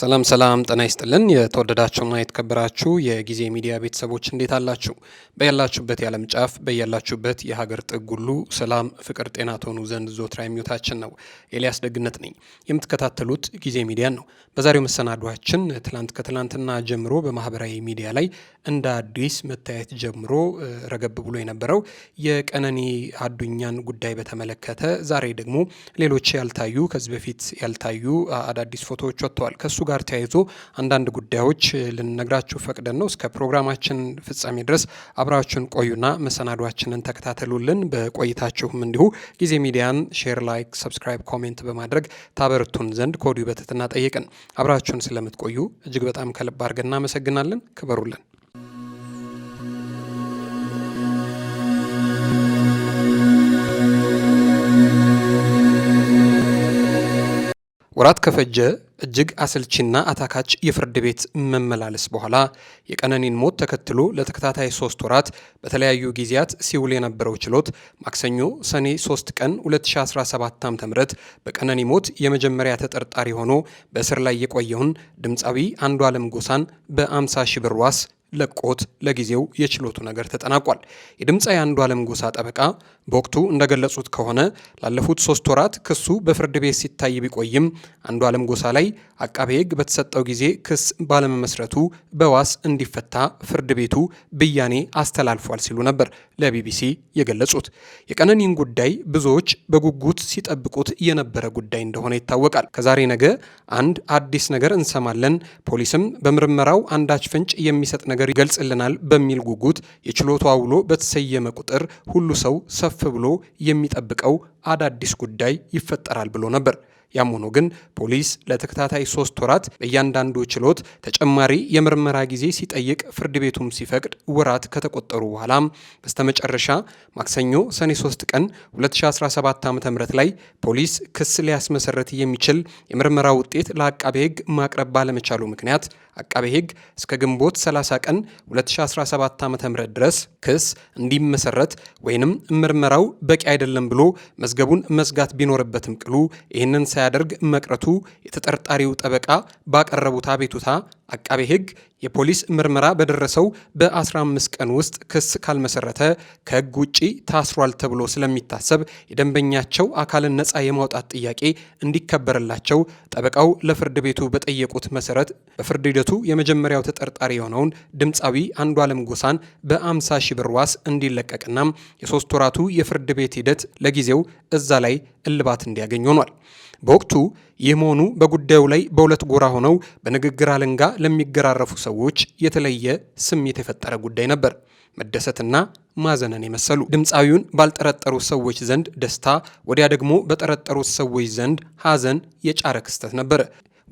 ሰላም ሰላም፣ ጤና ይስጥልን የተወደዳችሁና የተከበራችሁ የጊዜ ሚዲያ ቤተሰቦች እንዴት አላችሁ? በያላችሁበት የዓለም ጫፍ በያላችሁበት የሀገር ጥግ ሁሉ ሰላም፣ ፍቅር፣ ጤና ትሆኑ ዘንድ ዞትራ የሚወታችን ነው። ኤልያስ ደግነት ነኝ። የምትከታተሉት ጊዜ ሚዲያን ነው። በዛሬው መሰናዷችን ትላንት ከትላንትና ጀምሮ በማህበራዊ ሚዲያ ላይ እንደ አዲስ መታየት ጀምሮ ረገብ ብሎ የነበረው የቀነኒ አዱኛን ጉዳይ በተመለከተ ዛሬ ደግሞ ሌሎች ያልታዩ ከዚህ በፊት ያልታዩ አዳዲስ ፎቶዎች ወጥተዋል። ከእሱ ጋር ተያይዞ አንዳንድ ጉዳዮች ልንነግራችሁ ፈቅደን ነው። እስከ ፕሮግራማችን ፍጻሜ ድረስ አብራችሁን ቆዩና መሰናዷችንን ተከታተሉልን። በቆይታችሁም እንዲሁ ጊዜ ሚዲያን ሼር፣ ላይክ፣ ሰብስክራይብ፣ ኮሜንት በማድረግ ታበረቱን ዘንድ ከወዲሁ በትህትና ጠየቅን። አብራችሁን ስለምትቆዩ እጅግ በጣም ከልብ አድርገን እናመሰግናለን። ክበሩልን። ወራት ከፈጀ እጅግ አሰልቺና አታካች የፍርድ ቤት መመላለስ በኋላ የቀነኒን ሞት ተከትሎ ለተከታታይ ሶስት ወራት በተለያዩ ጊዜያት ሲውል የነበረው ችሎት ማክሰኞ ሰኔ 3 ቀን 2017 ዓ.ም በቀነኒ ሞት የመጀመሪያ ተጠርጣሪ ሆኖ በእስር ላይ የቆየውን ድምፃዊ አንዷለም ጎሳን በ50 ሺህ ብር ዋስ ለቆት ለጊዜው የችሎቱ ነገር ተጠናቋል። የድምፃዊ አንዷለም ጎሳ ጠበቃ በወቅቱ እንደገለጹት ከሆነ ላለፉት ሶስት ወራት ክሱ በፍርድ ቤት ሲታይ ቢቆይም አንዱ አለም ጎሳ ላይ አቃቤ ሕግ በተሰጠው ጊዜ ክስ ባለመመስረቱ በዋስ እንዲፈታ ፍርድ ቤቱ ብያኔ አስተላልፏል ሲሉ ነበር ለቢቢሲ የገለጹት። የቀነኒን ጉዳይ ብዙዎች በጉጉት ሲጠብቁት የነበረ ጉዳይ እንደሆነ ይታወቃል። ከዛሬ ነገ አንድ አዲስ ነገር እንሰማለን፣ ፖሊስም በምርመራው አንዳች ፍንጭ የሚሰጥ ነገር ይገልጽልናል በሚል ጉጉት የችሎቱ አውሎ በተሰየመ ቁጥር ሁሉ ሰው ሰ ከፍ ብሎ የሚጠብቀው አዳዲስ ጉዳይ ይፈጠራል ብሎ ነበር። ያም ሆኖ ግን ፖሊስ ለተከታታይ ሶስት ወራት በእያንዳንዱ ችሎት ተጨማሪ የምርመራ ጊዜ ሲጠይቅ ፍርድ ቤቱም ሲፈቅድ ወራት ከተቆጠሩ በኋላም በስተመጨረሻ ማክሰኞ ሰኔ 3 ቀን 2017 ዓ ም ላይ ፖሊስ ክስ ሊያስመሰረት የሚችል የምርመራ ውጤት ለአቃቤ ሕግ ማቅረብ ባለመቻሉ ምክንያት አቃቤ ሕግ እስከ ግንቦት 30 ቀን 2017 ዓ ም ድረስ ክስ እንዲመሰረት ወይንም ምርመራው በቂ አይደለም ብሎ መዝገቡን መዝጋት ቢኖርበትም ቅሉ ይህንን ሳያደርግ መቅረቱ የተጠርጣሪው ጠበቃ ባቀረቡት አቤቱታ አቃቤ ሕግ የፖሊስ ምርመራ በደረሰው በ15 ቀን ውስጥ ክስ ካልመሰረተ ከሕግ ውጪ ታስሯል ተብሎ ስለሚታሰብ የደንበኛቸው አካልን ነፃ የማውጣት ጥያቄ እንዲከበርላቸው ጠበቃው ለፍርድ ቤቱ በጠየቁት መሰረት በፍርድ ሂደቱ የመጀመሪያው ተጠርጣሪ የሆነውን ድምፃዊ አንዷለም ጎሳን በ50 ሺ ብር ዋስ እንዲለቀቅና የሶስት ወራቱ የፍርድ ቤት ሂደት ለጊዜው እዛ ላይ እልባት እንዲያገኝ ሆኗል። በወቅቱ ይህ መሆኑ በጉዳዩ ላይ በሁለት ጎራ ሆነው በንግግር አለንጋ ለሚገራረፉ ሰዎች የተለየ ስሜት የፈጠረ ጉዳይ ነበር። መደሰትና ማዘንን የመሰሉ ድምፃዊውን ባልጠረጠሩት ሰዎች ዘንድ ደስታ፣ ወዲያ ደግሞ በጠረጠሩት ሰዎች ዘንድ ሐዘን የጫረ ክስተት ነበረ።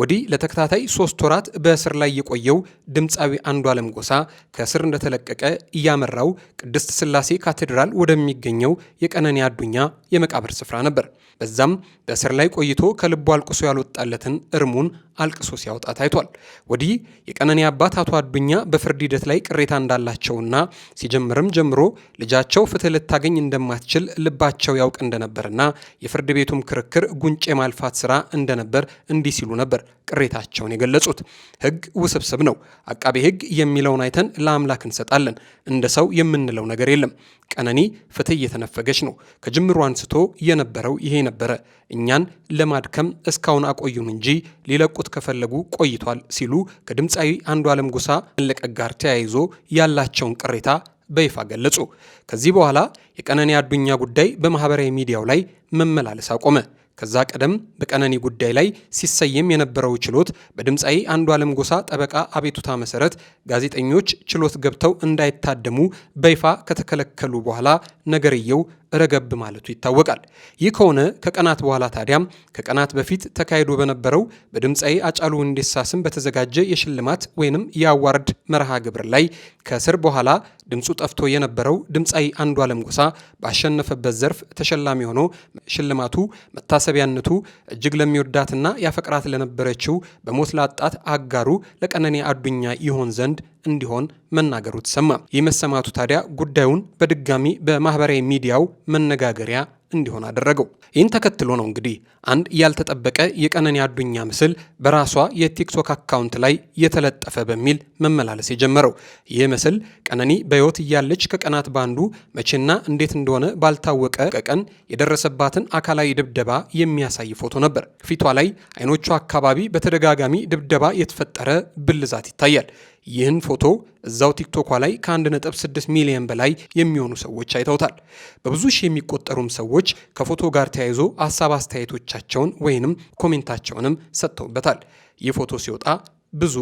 ወዲህ ለተከታታይ ሶስት ወራት በእስር ላይ የቆየው ድምፃዊ አለም ጎሳ ከእስር እንደተለቀቀ እያመራው ቅድስት ስላሴ ካቴድራል ወደሚገኘው የቀነኒ አዱኛ የመቃብር ስፍራ ነበር። በዛም በእስር ላይ ቆይቶ ከልቡ አልቅሶ ያልወጣለትን እርሙን አልቅሶ ሲያወጣ ታይቷል። ወዲህ የቀነኒ አባት አቶ አዱኛ በፍርድ ሂደት ላይ ቅሬታ እንዳላቸውና ሲጀምርም ጀምሮ ልጃቸው ፍትህ ልታገኝ እንደማትችል ልባቸው ያውቅ እንደነበርና የፍርድ ቤቱም ክርክር ጉንጭ የማልፋት ስራ እንደነበር እንዲህ ሲሉ ነበር ቅሬታቸውን የገለጹት። ህግ ውስብስብ ነው። አቃቤ ህግ የሚለውን አይተን ለአምላክ እንሰጣለን። እንደ ሰው የምንለው ነገር የለም። ቀነኒ ፍትህ እየተነፈገች ነው። ከጅምሩ አንስቶ የነበረው ይሄ ነበረ። እኛን ለማድከም እስካሁን አቆዩን እንጂ ሊለቁት ከፈለጉ ቆይቷል ሲሉ ከድምፃዊ አለም ጎሳ መለቀቅ ጋር ተያይዞ ያላቸውን ቅሬታ በይፋ ገለጹ። ከዚህ በኋላ የቀነኒ አዱኛ ጉዳይ በማህበራዊ ሚዲያው ላይ መመላለስ አቆመ። ከዛ ቀደም በቀነኒ ጉዳይ ላይ ሲሰየም የነበረው ችሎት በድምፃዊ አንዷለም ጎሳ ጠበቃ አቤቱታ መሰረት ጋዜጠኞች ችሎት ገብተው እንዳይታደሙ በይፋ ከተከለከሉ በኋላ ነገርየው ረገብ ማለቱ ይታወቃል። ይህ ከሆነ ከቀናት በኋላ ታዲያም ከቀናት በፊት ተካሂዶ በነበረው በድምፃዊ አጫሉ ሁንዴሳ ስም በተዘጋጀ የሽልማት ወይንም የአዋርድ መርሃ ግብር ላይ ከእስር በኋላ ድምፁ ጠፍቶ የነበረው ድምፃዊ አለም ጎሳ ባሸነፈበት ዘርፍ ተሸላሚ ሆኖ ሽልማቱ መታሰቢያነቱ እጅግ ለሚወዳትና ያፈቅራት ለነበረችው በሞት ላጣት አጋሩ ለቀነኔ አዱኛ ይሆን ዘንድ እንዲሆን መናገሩ ተሰማ። ይህ መሰማቱ ታዲያ ጉዳዩን በድጋሚ በማህበራዊ ሚዲያው መነጋገሪያ እንዲሆን አደረገው። ይህን ተከትሎ ነው እንግዲህ አንድ ያልተጠበቀ የቀነኒ አዱኛ ምስል በራሷ የቲክቶክ አካውንት ላይ የተለጠፈ በሚል መመላለስ የጀመረው። ይህ ምስል ቀነኒ በሕይወት እያለች ከቀናት ባንዱ መቼና እንዴት እንደሆነ ባልታወቀ ቀን የደረሰባትን አካላዊ ድብደባ የሚያሳይ ፎቶ ነበር። ፊቷ ላይ አይኖቿ አካባቢ በተደጋጋሚ ድብደባ የተፈጠረ ብልዛት ይታያል። ይህን ፎቶ እዛው ቲክቶኳ ላይ ከ1.6 ሚሊዮን በላይ የሚሆኑ ሰዎች አይተውታል። በብዙ ሺህ የሚቆጠሩም ሰዎች ከፎቶ ጋር ተያይዞ ሀሳብ አስተያየቶቻቸውን ወይንም ኮሜንታቸውንም ሰጥተውበታል። ይህ ፎቶ ሲወጣ ብዙ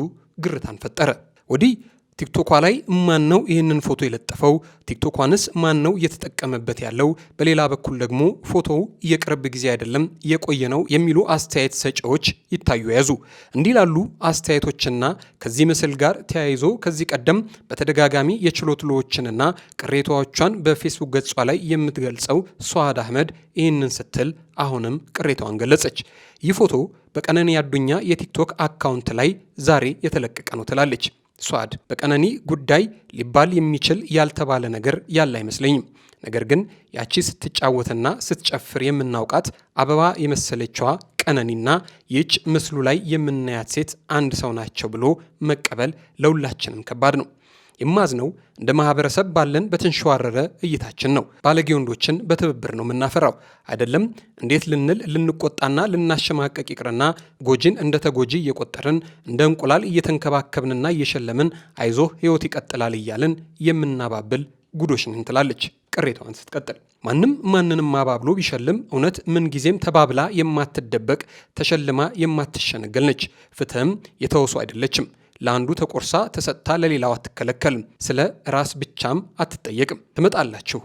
ግርታን ፈጠረ። ወዲህ ቲክቶኳ ላይ ማን ነው ይህንን ፎቶ የለጠፈው? ቲክቶኳንስ ማን ነው እየተጠቀመበት ያለው? በሌላ በኩል ደግሞ ፎቶው የቅርብ ጊዜ አይደለም የቆየ ነው የሚሉ አስተያየት ሰጪዎች ይታዩ ያዙ። እንዲህ ላሉ አስተያየቶችና ከዚህ ምስል ጋር ተያይዞ ከዚህ ቀደም በተደጋጋሚ የችሎት ውሎችንና ቅሬታዎቿን በፌስቡክ ገጿ ላይ የምትገልጸው ሶሃድ አህመድ ይህንን ስትል አሁንም ቅሬታዋን ገለጸች። ይህ ፎቶ በቀነኒ አዱኛ የቲክቶክ አካውንት ላይ ዛሬ የተለቀቀ ነው ትላለች። ሷድ በቀነኒ ጉዳይ ሊባል የሚችል ያልተባለ ነገር ያለ አይመስለኝም። ነገር ግን ያቺ ስትጫወትና ስትጨፍር የምናውቃት አበባ የመሰለችዋ ቀነኒና ይህች ምስሉ ላይ የምናያት ሴት አንድ ሰው ናቸው ብሎ መቀበል ለሁላችንም ከባድ ነው። የማዝነው እንደ ማህበረሰብ ባለን በተንሸዋረረ እይታችን ነው። ባለጌ ወንዶችን በትብብር ነው የምናፈራው አይደለም። እንዴት ልንል ልንቆጣና ልናሸማቀቅ ይቅርና ጎጂን እንደ ተጎጂ እየቆጠርን እንደ እንቁላል እየተንከባከብንና እየሸለምን አይዞ ህይወት ይቀጥላል እያልን የምናባብል ጉዶች ነን ትላለች ቅሬታዋን ስትቀጥል። ማንም ማንንም አባብሎ ቢሸልም እውነት ምንጊዜም ተባብላ የማትደበቅ ተሸልማ የማትሸነገል ነች። ፍትህም የተወሱ አይደለችም። ለአንዱ ተቆርሳ ተሰጥታ ለሌላው አትከለከልም። ስለ ራስ ብቻም አትጠየቅም። ትመጣላችሁ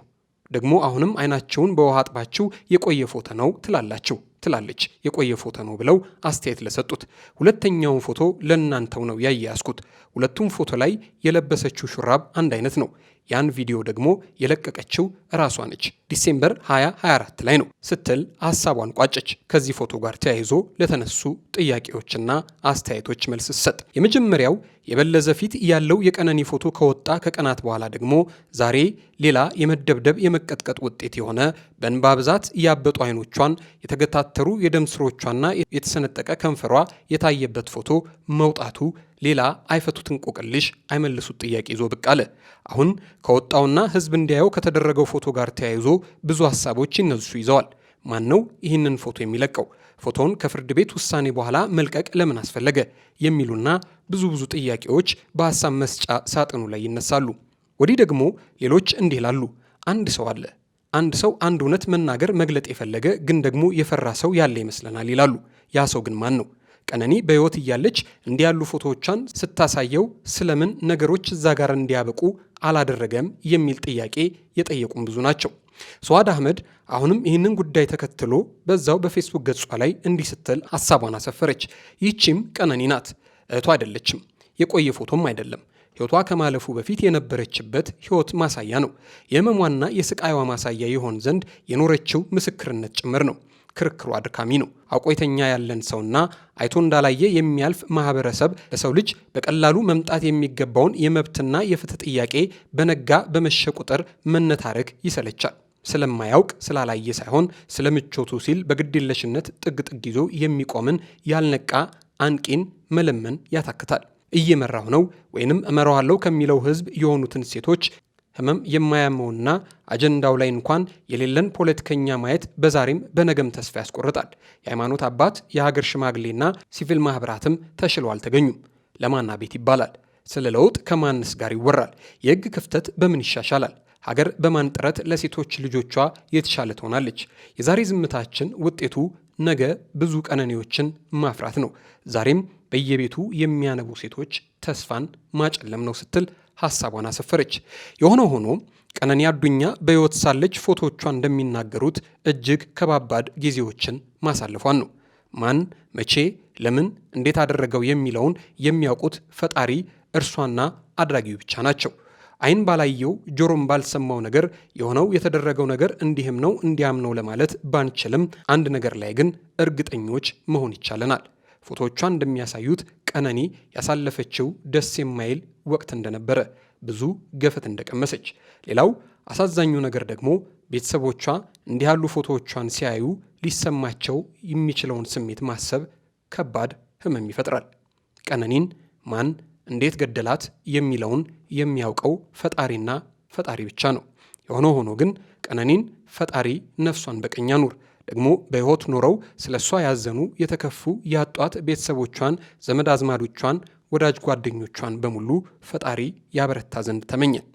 ደግሞ አሁንም አይናቸውን በውሃ አጥባችሁ የቆየ ፎቶ ነው ትላላችሁ። ትላለች የቆየ ፎቶ ነው ብለው አስተያየት ለሰጡት። ሁለተኛውን ፎቶ ለእናንተው ነው ያያያዝኩት። ሁለቱም ፎቶ ላይ የለበሰችው ሹራብ አንድ አይነት ነው። ያን ቪዲዮ ደግሞ የለቀቀችው ራሷ ነች። ዲሴምበር 2024 ላይ ነው ስትል ሀሳቧን ቋጨች። ከዚህ ፎቶ ጋር ተያይዞ ለተነሱ ጥያቄዎችና አስተያየቶች መልስ ሰጥ የመጀመሪያው የበለዘ ፊት ያለው የቀነኒ ፎቶ ከወጣ ከቀናት በኋላ ደግሞ ዛሬ ሌላ የመደብደብ የመቀጥቀጥ ውጤት የሆነ በእንባ ብዛት ያበጡ አይኖቿን የተገታ የታተሩ የደም ስሮቿና የተሰነጠቀ ከንፈሯ የታየበት ፎቶ መውጣቱ ሌላ አይፈቱትን እንቆቅልሽ አይመልሱት ጥያቄ ይዞ ብቅ አለ። አሁን ከወጣውና ሕዝብ እንዲያየው ከተደረገው ፎቶ ጋር ተያይዞ ብዙ ሀሳቦች ይነሱ ይዘዋል። ማን ነው ይህንን ፎቶ የሚለቀው? ፎቶውን ከፍርድ ቤት ውሳኔ በኋላ መልቀቅ ለምን አስፈለገ? የሚሉና ብዙ ብዙ ጥያቄዎች በሀሳብ መስጫ ሳጥኑ ላይ ይነሳሉ። ወዲህ ደግሞ ሌሎች እንዲህ ይላሉ። አንድ ሰው አለ አንድ ሰው አንድ እውነት መናገር መግለጥ የፈለገ ግን ደግሞ የፈራ ሰው ያለ ይመስለናል ይላሉ። ያ ሰው ግን ማን ነው? ቀነኒ በሕይወት እያለች እንዲህ ያሉ ፎቶዎቿን ስታሳየው ስለምን ነገሮች እዛ ጋር እንዲያበቁ አላደረገም የሚል ጥያቄ የጠየቁም ብዙ ናቸው። ሰዋድ አህመድ አሁንም ይህንን ጉዳይ ተከትሎ በዛው በፌስቡክ ገጿ ላይ እንዲህ ስትል ሀሳቧን አሰፈረች። ይቺም ቀነኒ ናት። እህቷ አይደለችም፣ የቆየ ፎቶም አይደለም። ሕይወቷ ከማለፉ በፊት የነበረችበት ሕይወት ማሳያ ነው። የህመሟና የስቃይዋ ማሳያ ይሆን ዘንድ የኖረችው ምስክርነት ጭምር ነው። ክርክሩ አድካሚ ነው። አቆይተኛ ያለን ሰውና አይቶ እንዳላየ የሚያልፍ ማህበረሰብ ለሰው ልጅ በቀላሉ መምጣት የሚገባውን የመብትና የፍትህ ጥያቄ በነጋ በመሸ ቁጥር መነታረክ ይሰለቻል። ስለማያውቅ ስላላየ ሳይሆን ስለ ምቾቱ ሲል በግድለሽነት ጥግ ጥግ ይዞ የሚቆምን ያልነቃ አንቂን መለመን ያታክታል። እየመራሁ ነው ወይንም እመራዋለሁ ከሚለው ህዝብ የሆኑትን ሴቶች ህመም የማያመውና አጀንዳው ላይ እንኳን የሌለን ፖለቲከኛ ማየት በዛሬም በነገም ተስፋ ያስቆርጣል። የሃይማኖት አባት፣ የሀገር ሽማግሌና ሲቪል ማህበራትም ተሽለው አልተገኙም። ለማና ቤት ይባላል። ስለ ለውጥ ከማንስ ጋር ይወራል? የህግ ክፍተት በምን ይሻሻላል? ሀገር በማን ጥረት ለሴቶች ልጆቿ የተሻለ ትሆናለች? የዛሬ ዝምታችን ውጤቱ ነገ ብዙ ቀነኔዎችን ማፍራት ነው። ዛሬም በየቤቱ የሚያነቡ ሴቶች ተስፋን ማጨለም ነው ስትል ሀሳቧን አሰፈረች። የሆነ ሆኖ ቀነኒ አዱኛ በሕይወት ሳለች ፎቶቿ እንደሚናገሩት እጅግ ከባባድ ጊዜዎችን ማሳለፏን ነው። ማን፣ መቼ፣ ለምን፣ እንዴት አደረገው የሚለውን የሚያውቁት ፈጣሪ እርሷና አድራጊው ብቻ ናቸው። አይን ባላየው ጆሮም ባልሰማው ነገር የሆነው የተደረገው ነገር እንዲህም ነው እንዲያም ነው ለማለት ባንችልም አንድ ነገር ላይ ግን እርግጠኞች መሆን ይቻለናል። ፎቶቿ እንደሚያሳዩት ቀነኒ ያሳለፈችው ደስ የማይል ወቅት እንደነበረ፣ ብዙ ገፈት እንደቀመሰች። ሌላው አሳዛኙ ነገር ደግሞ ቤተሰቦቿ እንዲህ ያሉ ፎቶዎቿን ሲያዩ ሊሰማቸው የሚችለውን ስሜት ማሰብ ከባድ ህመም ይፈጥራል። ቀነኒን ማን እንዴት ገደላት የሚለውን የሚያውቀው ፈጣሪና ፈጣሪ ብቻ ነው። የሆነ ሆኖ ግን ቀነኒን ፈጣሪ ነፍሷን በቀኝ ያኑር። ደግሞ በሕይወት ኖረው ስለ እሷ ያዘኑ የተከፉ ያጧት ቤተሰቦቿን፣ ዘመድ አዝማዶቿን፣ ወዳጅ ጓደኞቿን በሙሉ ፈጣሪ ያበረታ ዘንድ ተመኘን።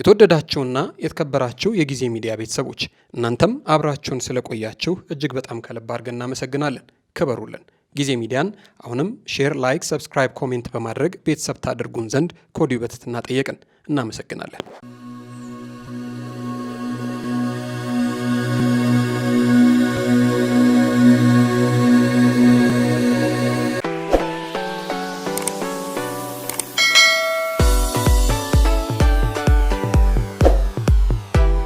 የተወደዳችሁና የተከበራችሁ የጊዜ ሚዲያ ቤተሰቦች እናንተም አብራችሁን ስለቆያችሁ እጅግ በጣም ከልብ አድርገን እናመሰግናለን። ክበሩልን። ጊዜ ሚዲያን አሁንም ሼር፣ ላይክ፣ ሰብስክራይብ፣ ኮሜንት በማድረግ ቤተሰብ ታድርጉን ዘንድ ከወዲሁ በትህትና ጠየቅን። እናመሰግናለን።